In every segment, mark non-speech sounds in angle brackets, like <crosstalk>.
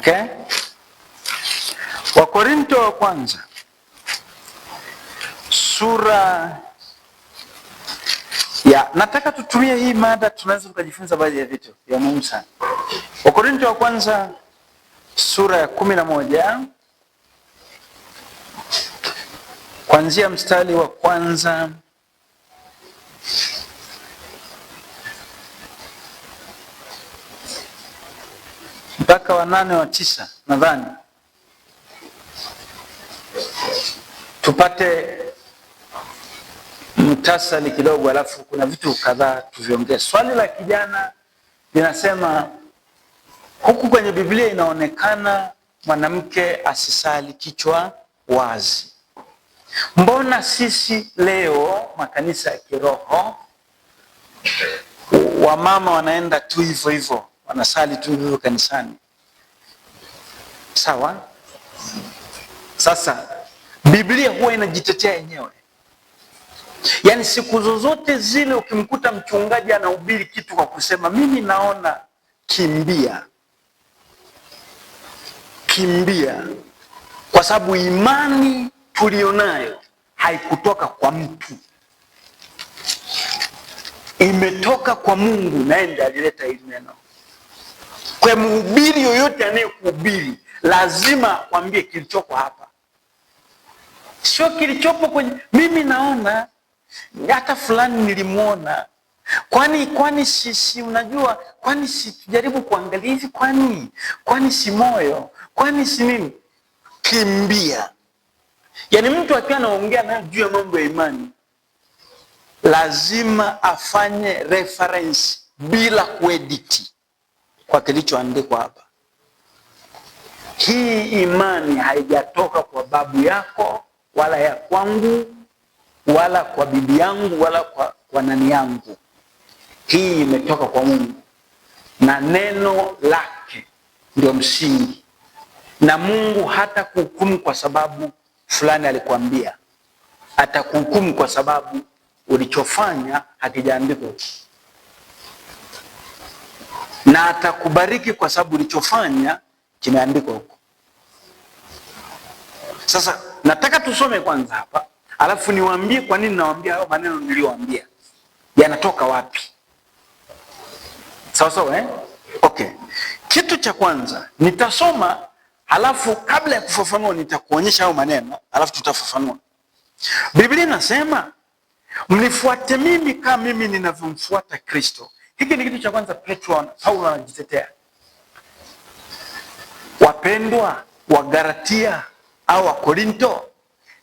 Okay? Wakorinto wa kwanza sura ya, nataka tutumie hii mada, tunaweza tukajifunza baadhi ya vitu vya muhimu sana. Wakorinto wa kwanza sura ya kumi na moja kuanzia mstari wa kwanza waraka wa nane wa tisa nadhani, tupate muhtasari kidogo, alafu kuna vitu kadhaa tuviongee. Swali la kijana linasema huku kwenye Biblia inaonekana mwanamke asisali kichwa wazi. Mbona sisi leo makanisa ya kiroho wamama wanaenda tu hivyo hivyo, wanasali tu hivyo kanisani? Sawa. Sasa Biblia huwa inajitetea yenyewe, yaani siku zozote zile ukimkuta mchungaji anahubiri kitu kwa kusema mimi naona, kimbia kimbia, kwa sababu imani tuliyonayo haikutoka kwa mtu, imetoka kwa Mungu, naye ndiye alileta hili neno. Kwa mhubiri yoyote anayekuhubiri lazima kwambie kilichoko hapa, sio kilichopo kwenye mimi naona hata fulani nilimwona kwani kwani si, si unajua kwani si tujaribu kuangalia hivi kwani kwani si moyo kwani si nini? Kimbia. Yaani mtu akiwa anaongea nayo juu ya mambo ya imani lazima afanye reference bila kuediti kwa kilichoandikwa hapa. Hii imani haijatoka kwa babu yako wala ya kwangu wala kwa bibi yangu wala kwa, kwa nani yangu. Hii imetoka kwa Mungu na neno lake ndio msingi, na Mungu hata kuhukumu kwa sababu fulani alikwambia, atakuhukumu kwa sababu ulichofanya hakijaandikwa, na atakubariki kwa sababu ulichofanya kimeandikwa huko. Sasa nataka tusome kwanza hapa, alafu niwaambie kwa nini nawaambia hayo maneno niliyowaambia yanatoka wapi. Sawa sawa, eh? Okay. Kitu cha kwanza nitasoma, halafu kabla ya kufafanua nitakuonyesha hayo maneno, halafu tutafafanua. Biblia inasema mnifuate mimi kama mimi ninavyomfuata Kristo. Hiki ni kitu cha kwanza Petro, Paulo anajitetea Wapendwa wa Galatia au wa Korinto,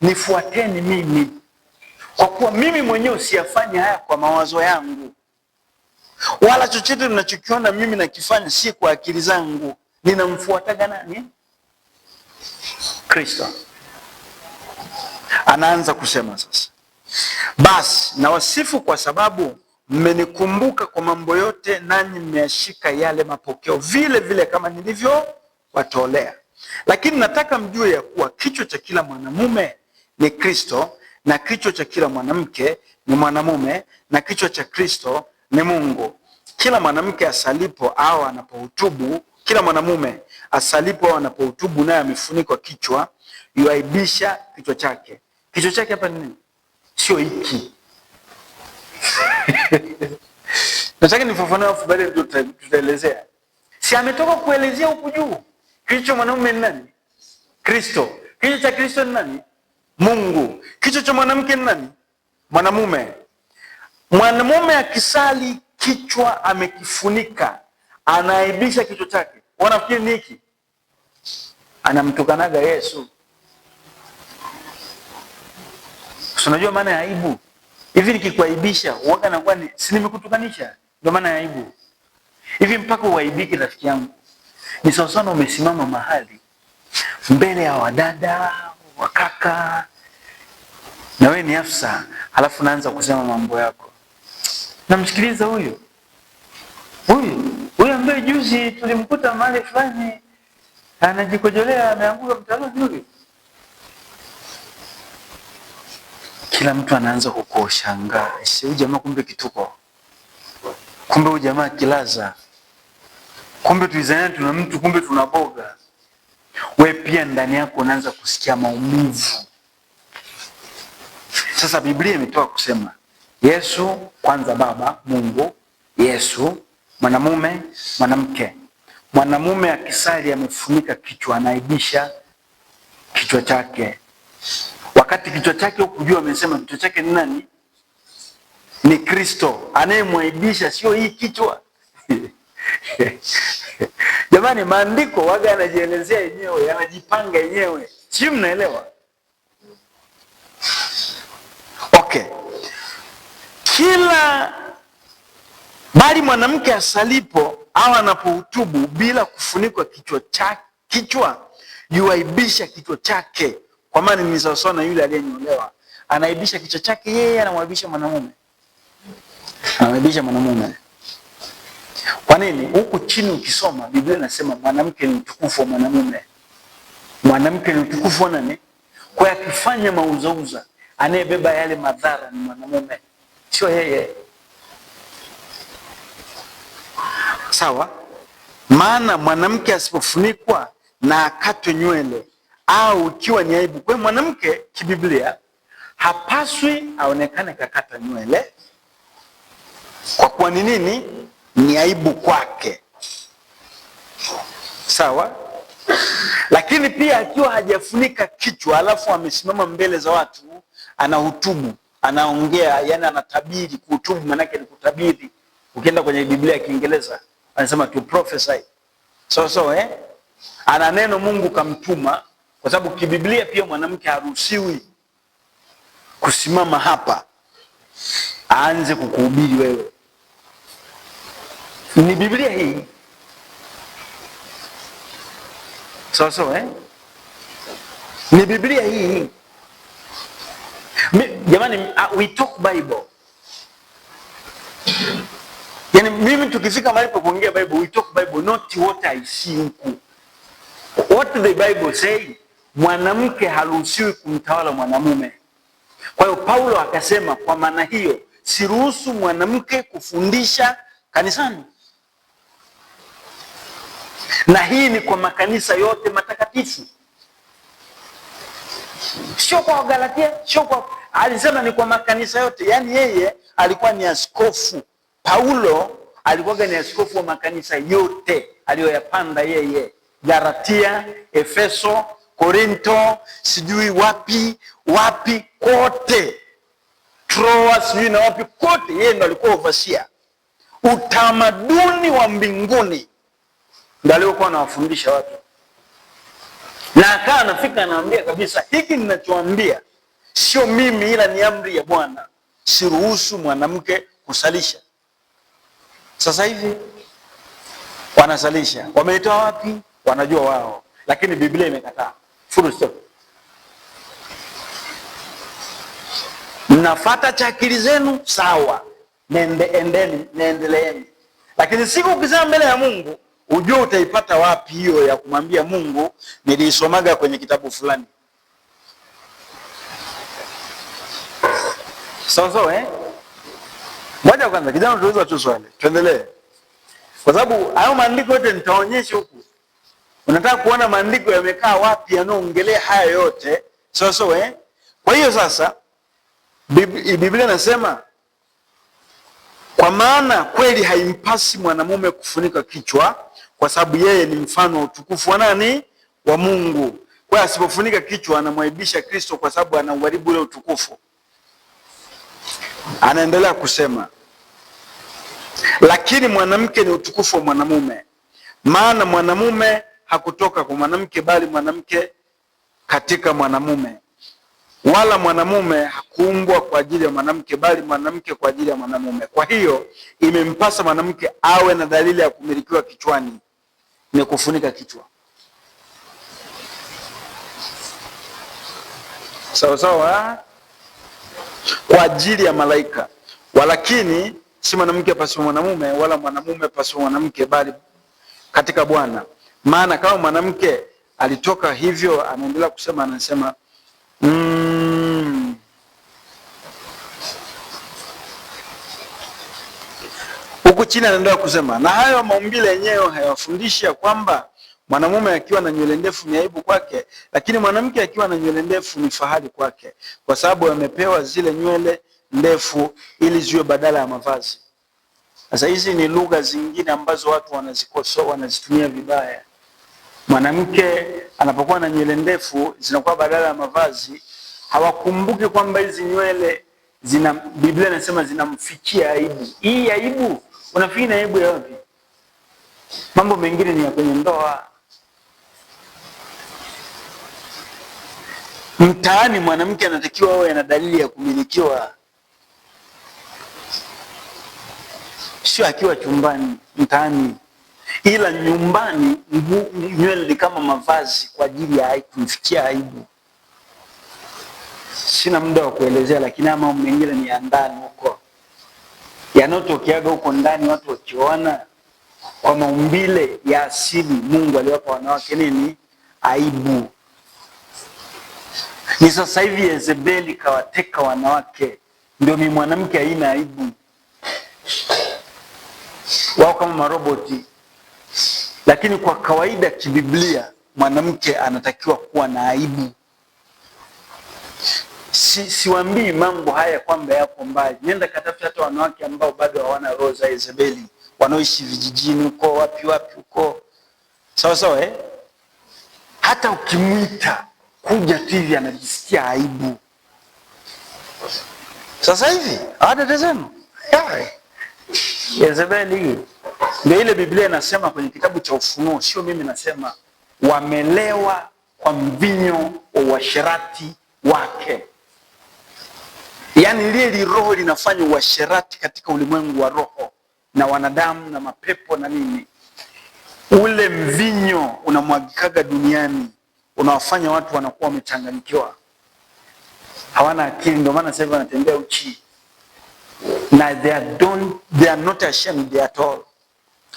nifuateni mimi, kwa kuwa mimi mwenyewe siyafanya haya kwa mawazo yangu, wala chochote ninachokiona mimi nakifanya si kwa akili zangu. Ninamfuataga nani? Kristo. Anaanza kusema sasa, basi nawasifu kwa sababu mmenikumbuka kwa mambo yote, nanyi mmeyashika yale mapokeo, vile vile kama nilivyo watolea. Lakini nataka mjue ya kuwa kichwa cha kila mwanamume ni Kristo na kichwa cha kila mwanamke ni mwanamume na kichwa cha Kristo ni Mungu. Kila mwanamke asalipo au anapohutubu, kila mwanamume asalipo au anapohutubu, naye amefunikwa kichwa, yuaibisha kichwa chake. Kichwa chake hapa ni nini? Sio hiki <laughs> nataka nifafanue, afu baadaye ndio tutaelezea. Si ametoka kuelezea huku juu. Kichwa mwanamume ni nani? Kristo. Kichwa cha Kristo ni nani? Mungu. Kichwa cha mwanamke ni nani? Mwanamume. Mwanamume akisali kichwa amekifunika, anaaibisha kichwa chake. Wanafikiri ni hiki, anamtukanaga Yesu. Unajua maana ya aibu? Hivi nikikuaibisha uwaga nakuwa si nimekutukanisha? Ndio maana ya aibu. Hivi mpaka uaibike, rafiki yangu ni sawa sana umesimama mahali mbele ya wadada wakaka, na wewe ni afsa halafu naanza kusema mambo yako, namsikiliza huyu huyu huyu ambaye juzi tulimkuta mahali fulani anajikojolea ameanguka mtaroni huyu. Kila mtu anaanza kukushangaa, huyu jamaa kumbe kituko, kumbe huyu jamaa kilaza Kumbe tulizania tuna mtu, kumbe tuna boga. We pia ndani yako unaanza kusikia maumivu. Sasa Biblia imetoka kusema Yesu kwanza, Baba Mungu, Yesu mwanamume, mwanamke. Mwanamume akisali amefunika kichwa, anaibisha kichwa chake, wakati kichwa chake ukujua Amesema kichwa chake ni nani? Ni Kristo. Anayemwaibisha sio hii kichwa <laughs> Jamani, maandiko waga yanajielezea yenyewe, yanajipanga yenyewe, sijui mnaelewa? Okay, kila bali mwanamke asalipo au anapohutubu bila kufunikwa kichwa cha kichwa yuaibisha kichwa chake, kwa maana ni sawasawa na yule aliyenyolewa anaibisha kichwa chake yeye, anamwaibisha mwanamume, anamwaibisha mwanamume. Kwa nini? Huku chini ukisoma Biblia inasema mwanamke ni utukufu wa mwanamume, mwanamke ni utukufu wa nani? Kwa akifanya mauzauza, anayebeba yale madhara ni mwanamume, sio yeye. Sawa. Maana mwanamke asipofunikwa na akatwe nywele au ikiwa ni aibu. Kwa hiyo mwanamke kibiblia hapaswi aonekane kakata nywele, kwa kuwa ni nini? ni aibu kwake, sawa. Lakini pia akiwa hajafunika kichwa alafu amesimama mbele za watu, anahutubu, anaongea, yani anatabiri. Kuhutubu manake ni kutabiri. Ukienda kwenye Biblia ya Kiingereza anasema to prophesy, so so eh, ana neno Mungu kamtuma, kwa sababu kibiblia pia mwanamke haruhusiwi kusimama hapa aanze kukuhubiri wewe ni Biblia hii sawa sawa, eh? Ni Biblia hii jamani, uh, we talk Bible. Yani mimi tukifika mahali pa kuongea Bible, we talk Bible, not what I see huku. What the Bible say, mwanamke haruhusiwi kumtawala mwanamume. Kwa hiyo Paulo akasema, kwa maana hiyo siruhusu mwanamke kufundisha kanisani na hii ni kwa makanisa yote matakatifu, sio kwa Galatia, sio kwa, alisema ni kwa makanisa yote. Yaani yeye alikuwa ni askofu. Paulo alikuwa ni askofu wa makanisa yote aliyoyapanda yeye, Galatia, Efeso, Korinto, sijui wapi wapi, kote Troa, sijui na wapi kote, yeye ndo alikuwa overseer utamaduni wa mbinguni ndio aliyokuwa anawafundisha watu, na akawa anafika anaambia kabisa, hiki ninachoambia sio mimi, ila ni amri ya Bwana, siruhusu mwanamke kusalisha. Sasa hivi wanasalisha, wameitoa wapi? Wanajua wao, lakini Biblia imekataa. Full stop. Mnafata cha akili zenu, sawa, nende endeni, nendeleeni, lakini siku ukizaa mbele ya Mungu Ujue utaipata wapi hiyo ya kumwambia Mungu nilisomaga kwenye kitabu fulani. Sawa sawa eh? Ngoja kwanza kijana tuweza tu swali. Tuendelee. Kwa sababu hayo maandiko yote nitaonyesha huku. Unataka kuona maandiko yamekaa wapi yanaoongelea haya yote. Sawa sawa eh? Kwa hiyo sasa Biblia nasema kwa maana kweli haimpasi mwanamume kufunika kichwa kwa sababu yeye ni mfano wa utukufu wa nani? Wa Mungu. Kwa asipofunika kichwa anamwaibisha Kristo, kwa sababu anauharibu ule utukufu. Anaendelea kusema, lakini mwanamke ni utukufu wa mwanamume, maana mwanamume hakutoka kwa mwanamke, bali mwanamke katika mwanamume, wala mwanamume hakuumbwa kwa ajili ya mwanamke, bali mwanamke kwa ajili ya mwanamume. Kwa hiyo imempasa mwanamke awe na dalili ya kumilikiwa kichwani, imekufunika kichwa. Sawa sawa, eh? kwa ajili ya malaika. Walakini si mwanamke pasipo mwanamume, wala mwanamume pasipo mwanamke, bali katika Bwana. Maana kama mwanamke alitoka hivyo, anaendelea kusema, anasema mm, Chini anaendelea kusema, na hayo maumbile yenyewe hayawafundishi ya kwamba mwanamume akiwa na nywele ndefu ni aibu kwake, lakini mwanamke akiwa na nywele ndefu ni fahari kwake, kwa sababu amepewa zile nywele ndefu ili ziwe badala ya mavazi. Sasa hizi ni lugha zingine ambazo watu wanazikosoa, wanazitumia vibaya. Mwanamke anapokuwa na nywele ndefu zinakuwa badala ya mavazi, hawakumbuki kwamba hizi nywele zina, Biblia inasema zinamfikia aibu. Hii aibu Unafikiri na aibu ya wapi? Mambo mengine ni ya kwenye ndoa. Mtaani mwanamke anatakiwa awe ana dalili ya kumilikiwa, sio akiwa chumbani mtaani. Ila nyumbani nywele ni kama mavazi kwa ajili ya kumfikia aibu. Sina muda wa kuelezea, lakini haya mambo mengine ni ya ndani huko yanayotokeaga huko ndani, watu wakiona kwa maumbile ya asili Mungu aliwapa wanawake nini? Aibu. Ni sasa hivi Yezebeli kawateka wanawake, ndio ni mwanamke haina aibu, wao kama maroboti. Lakini kwa kawaida kibiblia, mwanamke anatakiwa kuwa na aibu si, siwaambii mambo haya kwamba yapo mbali. Nenda katafuta hata wanawake ambao bado hawana roho za Izabeli, wanaoishi vijijini huko wapi wapi huko, sawa sawa eh? Hata ukimwita kuja tu hivi anajisikia aibu. Sasa hivi awatatazema Yezebeli. Ndio ile Biblia inasema kwenye kitabu cha Ufunuo, sio mimi nasema, wamelewa kwa mvinyo wa uasherati wake. Yaani lile liroho linafanya uasherati katika ulimwengu wa roho na wanadamu na mapepo na nini. Ule mvinyo unamwagikaga duniani unawafanya watu wanakuwa wamechanganyikiwa, hawana akili. Ndio maana sasa hivi wanatembea uchi na they are, don't, they are not ashamed at all.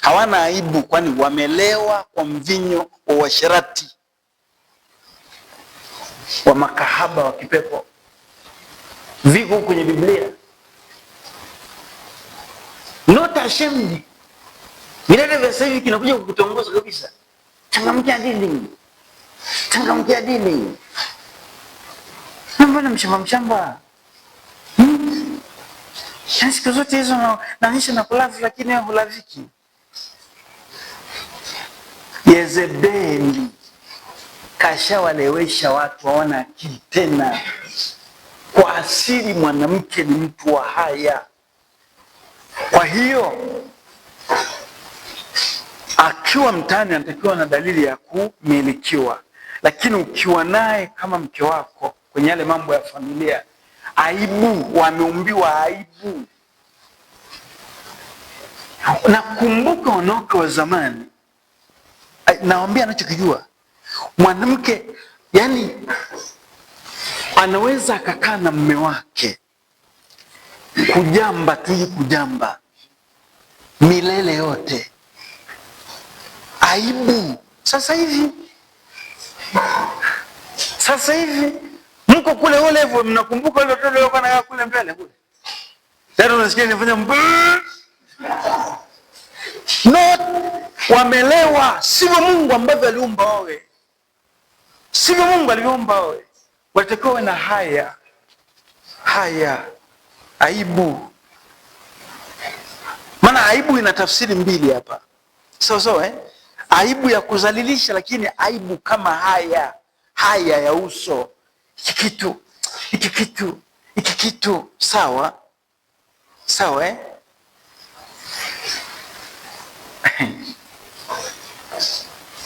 Hawana aibu, kwani wamelewa kwa mvinyo wa uasherati wa makahaba wa kipepo viko kwenye Biblia. Not ashamed. Milele vya sasa hivi kinakuja kukutongoza kabisa. Changamkia dini. Changamkia dini. Mbona mshamba mshamba? Hmm. Siku zote hizo naonyesha na kulavu lakini wewe hulaviki. Yezebeli kashawalewesha watu waona akili tena. Kwa asili mwanamke ni mtu wa haya. Kwa hiyo akiwa mtaani anatakiwa na dalili ya kumilikiwa, lakini ukiwa naye kama mke wako kwenye yale mambo ya familia, aibu, wameumbiwa aibu. Nakumbuka wanawake wa zamani, eh, nawambia anachokijua mwanamke yani anaweza akakaa na mme wake kujamba tu kujamba milele yote, aibu. Sasa hivi sasa hivi mko kule ule hivyo, mnakumbuka ile tendo ile na kule mbele kule, tena yaani unasikia nifanya no, wamelewa. Sivyo Mungu ambavyo aliumba wewe, sivyo Mungu alivyoumba wewe. Walitakiwa wawe na haya haya aibu, maana aibu ina tafsiri mbili hapa, sawa sawa eh? Aibu ya kuzalilisha lakini aibu kama haya haya ya uso, hiki kitu hiki kitu hiki kitu, sawa sawa eh?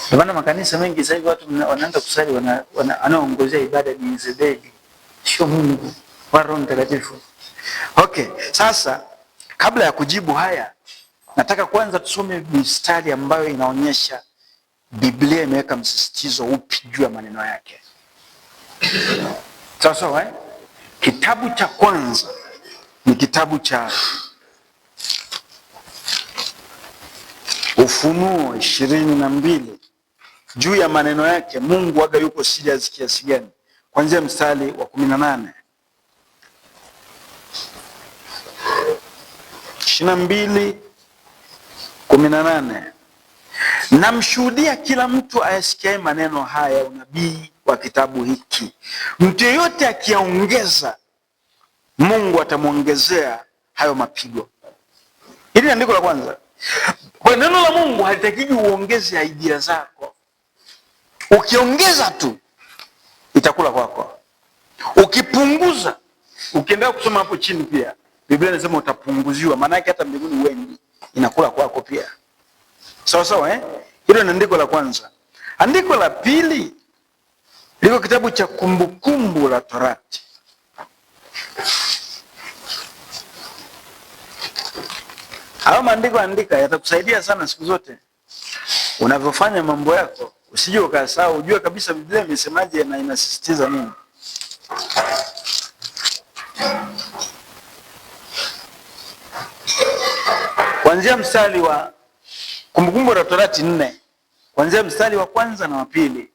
Ndio maana makanisa mengi sasa hivi watu wanaanza kusali wana, anaongozea ibada ni Zebedi, sio Mungu wa Roho Mtakatifu. Okay, sasa kabla ya kujibu haya nataka kwanza tusome mistari ambayo inaonyesha Biblia imeweka msisitizo upi juu ya maneno yake. Sasa eh? Kitabu cha kwanza ni kitabu cha Ufunuo ishirini na mbili juu ya maneno yake Mungu aga yuko serious kiasi gani, kuanzia mstari wa kumi na nane ishirini na mbili kumi na nane namshuhudia kila mtu ayasikiaye maneno haya ya unabii wa kitabu hiki, mtu yeyote akiyaongeza, Mungu atamwongezea hayo mapigo. Hili andiko la kwanza, kwa neno la Mungu halitakii uongeze idea zako Ukiongeza tu itakula kwako, ukipunguza, ukiendelea kusoma hapo chini pia Biblia inasema utapunguziwa, maana yake hata mbinguni wengi inakula kwako pia, sawa sawa eh? Hilo ni andiko la kwanza. Andiko la pili liko kitabu cha Kumbukumbu la Torati. Hayo maandiko andika, yatakusaidia sana siku zote unavyofanya mambo yako usije ukasahau, ujue kabisa Biblia imesemaje na inasisitiza nini. Kuanzia mstari wa Kumbukumbu la Torati nne kuanzia mstari wa kwanza na wa pili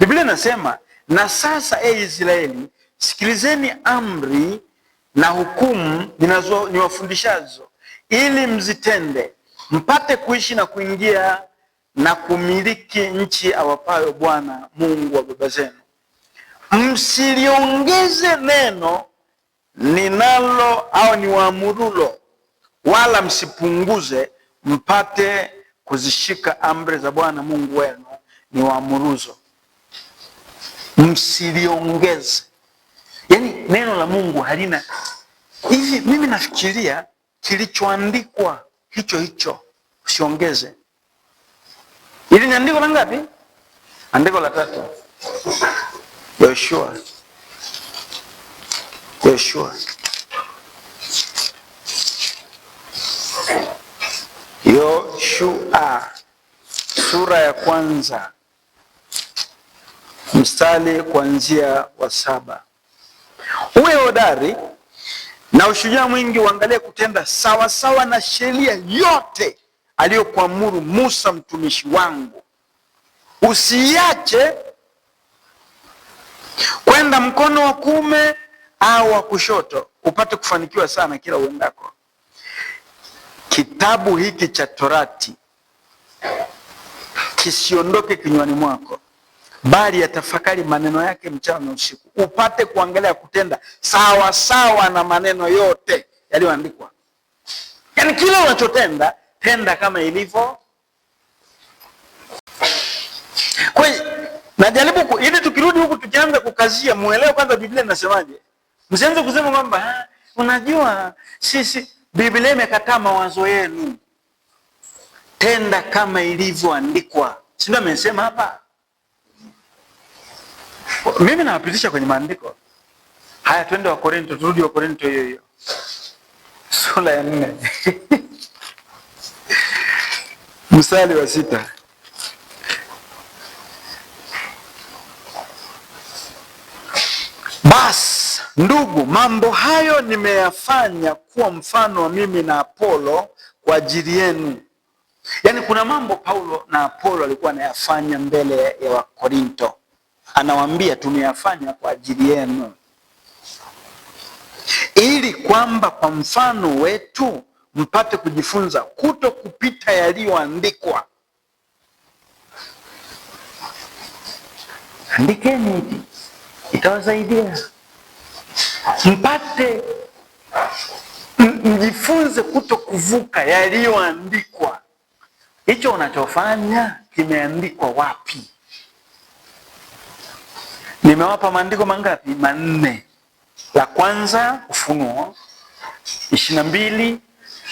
Biblia inasema na sasa, e Israeli, sikilizeni amri na hukumu ninazo niwafundishazo, ili mzitende mpate kuishi na kuingia na kumiliki nchi awapayo Bwana Mungu wa baba zenu. Msiliongeze neno ninalo au ni waamurulo, wala msipunguze, mpate kuzishika amri za Bwana Mungu wenu ni waamuruzo. Msiliongeze, yaani neno la Mungu halina hivi. Mimi nafikiria kilichoandikwa hicho hicho, usiongeze Hili ni andiko la ngapi? Andiko la tatu. Yoshua. Yoshua. Yoshua sura ya kwanza mstari kuanzia wa saba. Uwe hodari na ushujaa mwingi, uangalie kutenda sawasawa na sheria yote aliyokuamuru Musa mtumishi wangu, usiache kwenda mkono wa kuume au wa kushoto, upate kufanikiwa sana kila uendako. Kitabu hiki cha Torati kisiondoke kinywani mwako, bali yatafakari maneno yake mchana na usiku, upate kuangalia kutenda sawasawa na maneno yote yaliyoandikwa. Yani kila unachotenda tenda kama ilivyo. Kwa hiyo najaribu ili tukirudi huku tukianza kukazia, muelewe kwanza Biblia inasemaje. Msianze kusema kwamba unajua sisi, Biblia imekataa mawazo yenu, tenda kama ilivyoandikwa. Si ndio amesema hapa? Mimi nawapitisha kwenye maandiko haya, twende Wakorinto, turudi Wakorinto hiyo hiyo sura ya nne <laughs> mstari wa sita Basi ndugu, mambo hayo nimeyafanya kuwa mfano wa mimi na Apolo kwa ajili yenu. Yaani kuna mambo Paulo na Apolo alikuwa anayafanya mbele ya Wakorinto, anawaambia tumeyafanya kwa ajili yenu, ili kwamba kwa mfano wetu mpate kujifunza kuto kupita yaliyoandikwa. Andikeni hivi, itawasaidia mpate mjifunze kuto kuvuka yaliyoandikwa. Hicho unachofanya kimeandikwa wapi? Nimewapa maandiko mangapi? Manne. La kwanza Ufunuo ishirini na mbili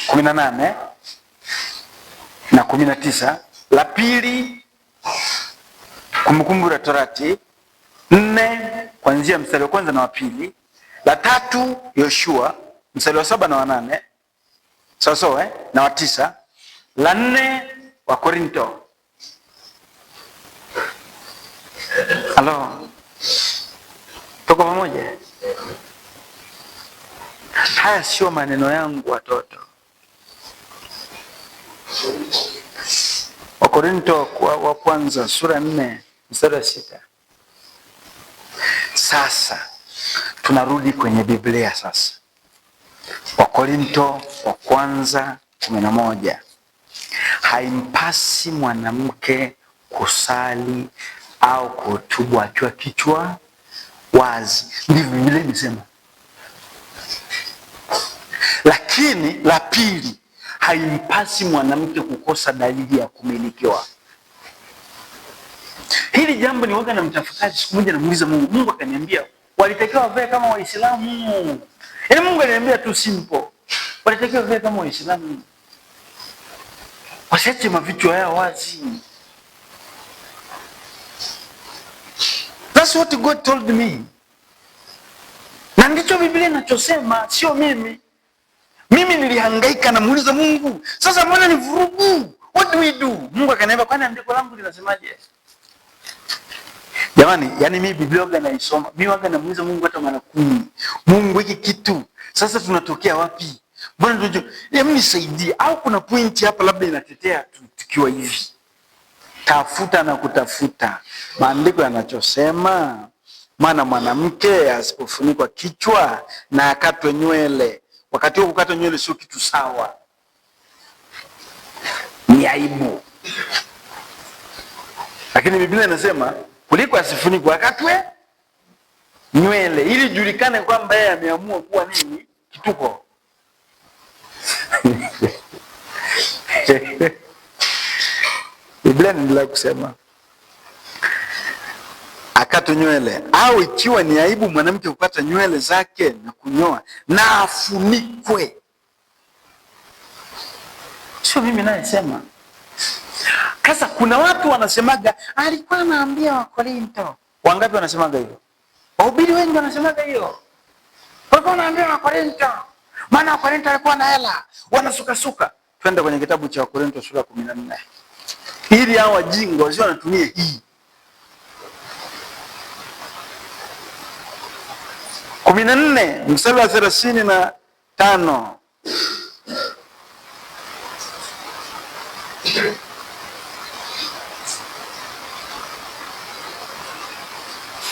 kumi na nane na kumi na tisa la pili Kumbukumbu la Torati nne kuanzia mstari wa kwanza na wa pili la tatu Yoshua mstari wa saba na wa nane sawasawa eh, na wa tisa la nne wa Korinto halo, tuko pamoja. Haya sio maneno yangu watoto Wakorinto wa kwanza sura nne mstari wa sita. Sasa tunarudi kwenye Biblia sasa. Wakorinto wa kwanza kumi na moja. Haimpasi mwanamke kusali au kuhutubu akiwa kichwa wazi, ndivyo Biblia imesema. Lakini la pili haimpasi mwanamke kukosa dalili ya kumilikiwa. Hili jambo ni waga na mtafakari. Siku moja namuuliza Mungu, Mungu akaniambia walitakiwa wavae kama Waislamu. Yaani Mungu aliniambia tu simple, walitakiwa wavae kama Waislamu, wasiache mavichwa yao wazi. That's what God told me, na ndicho Biblia inachosema, sio mimi. Mimi nilihangaika, na muuliza Mungu, sasa mbona ni vurugu? What do we do? Mungu akaniambia, kwani andiko langu linasemaje? Jamani, yani mimi Biblia waga naisoma, mimi waga namuuliza Mungu hata mara kumi, Mungu hiki kitu sasa tunatokea wapi? Bwana ndio hebu nisaidie, au kuna pointi hapa labda inatetea tukiwa hivi. Tafuta na kutafuta maandiko yanachosema, maana mwanamke asipofunikwa kichwa na akatwe nywele Wakati huo kukata nywele sio kitu sawa, ni aibu. Lakini Biblia inasema kuliko asifunikwe akatwe nywele, ili julikane kwamba yeye ameamua kuwa nini, kituko <laughs> Biblia inaendelea kusema akate nywele au ikiwa ni aibu mwanamke kukata nywele zake na kunyoa, na afunikwe. Sio mimi nayesema. Sasa kuna watu wanasemaga alikuwa anaambia Wakorinto. Wangapi wanasemaga hivyo? Wahubiri wengi wanasemaga hiyo, walikuwa wanaambia Wakorinto, maana Wakorinto alikuwa na hela, wanasukasuka. Twende kwenye kitabu cha Wakorinto sura kumi na nne ili hao wajinga wasio wanatumia hii kumi na nne mstari wa thelathini na tano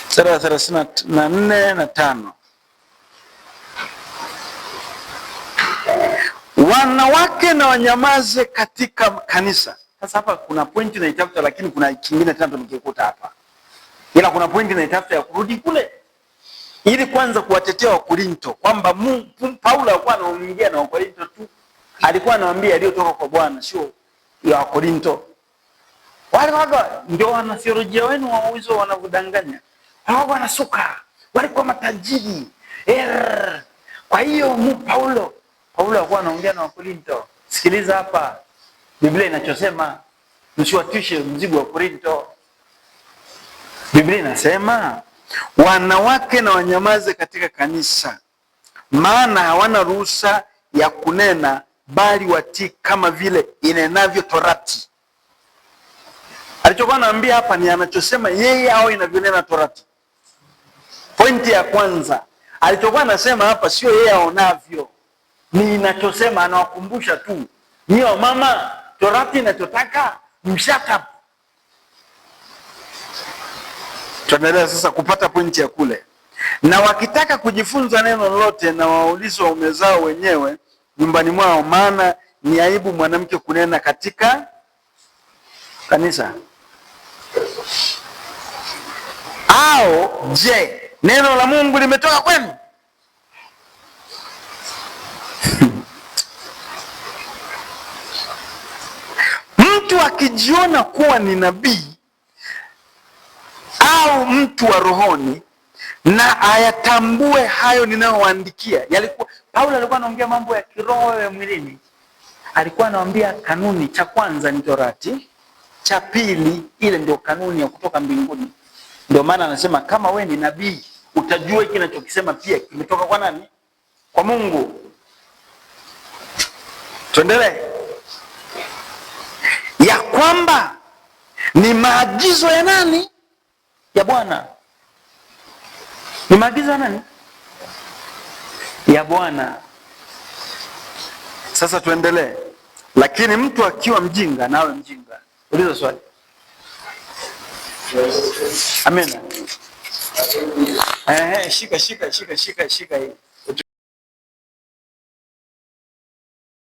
mstari wa thelathini na nne na tano wanawake na wanyamaze katika kanisa. Sasa hapa kuna pointi naitafuta, lakini kuna kingine tena tumekikuta hapa, ila kuna pointi naitafuta ya kurudi kule ili kwanza kuwatetea Wakorinto kwamba Paulo alikuwa anaongea na Wakorinto tu, alikuwa anawaambia aliyotoka kwa Bwana sio ya Wakorinto. Wale waga ndio wana theolojia wenu wa uizo wanavyodanganya. wana suka, walikuwa matajiri. Er, kwa hiyo mu Paulo, Paulo alikuwa anaongea na Wakorinto. Sikiliza hapa. Biblia inachosema msiwatishe mzigo wa Korinto. Biblia inasema Wanawake na wanyamaze katika kanisa, maana hawana ruhusa ya kunena, bali watii kama vile inenavyo Torati. Alichokuwa anaambia hapa ni anachosema yeye au inavyonena Torati. Pointi ya kwanza, alichokuwa anasema hapa sio yeye aonavyo, ni inachosema. Anawakumbusha tu, niyo mama, Torati inachotaka mshakapu Tuendelee sasa kupata pointi ya kule, na wakitaka kujifunza neno lolote na waulize waume zao wenyewe nyumbani mwao, maana ni aibu mwanamke kunena katika kanisa. Au je, neno la Mungu limetoka kwenu? <laughs> Mtu akijiona kuwa ni nabii au mtu wa rohoni na ayatambue hayo ninayoandikia. Yalikuwa Paulo alikuwa anaongea mambo ya kiroho, wewe mwilini. Alikuwa anawaambia kanuni, cha kwanza ni torati, cha pili ile ndio kanuni ya kutoka mbinguni. Ndio maana anasema kama we ni nabii utajua hiki nachokisema pia kimetoka kwa nani? Kwa Mungu. Tuendelee, ya kwamba ni maagizo ya nani? ya Bwana. Ni maagizo ya nani? Ya Bwana. Sasa tuendelee. Lakini mtu akiwa mjinga na awe mjinga. Uliza swali. Amina. Eh, shika shika shika shika shika hii.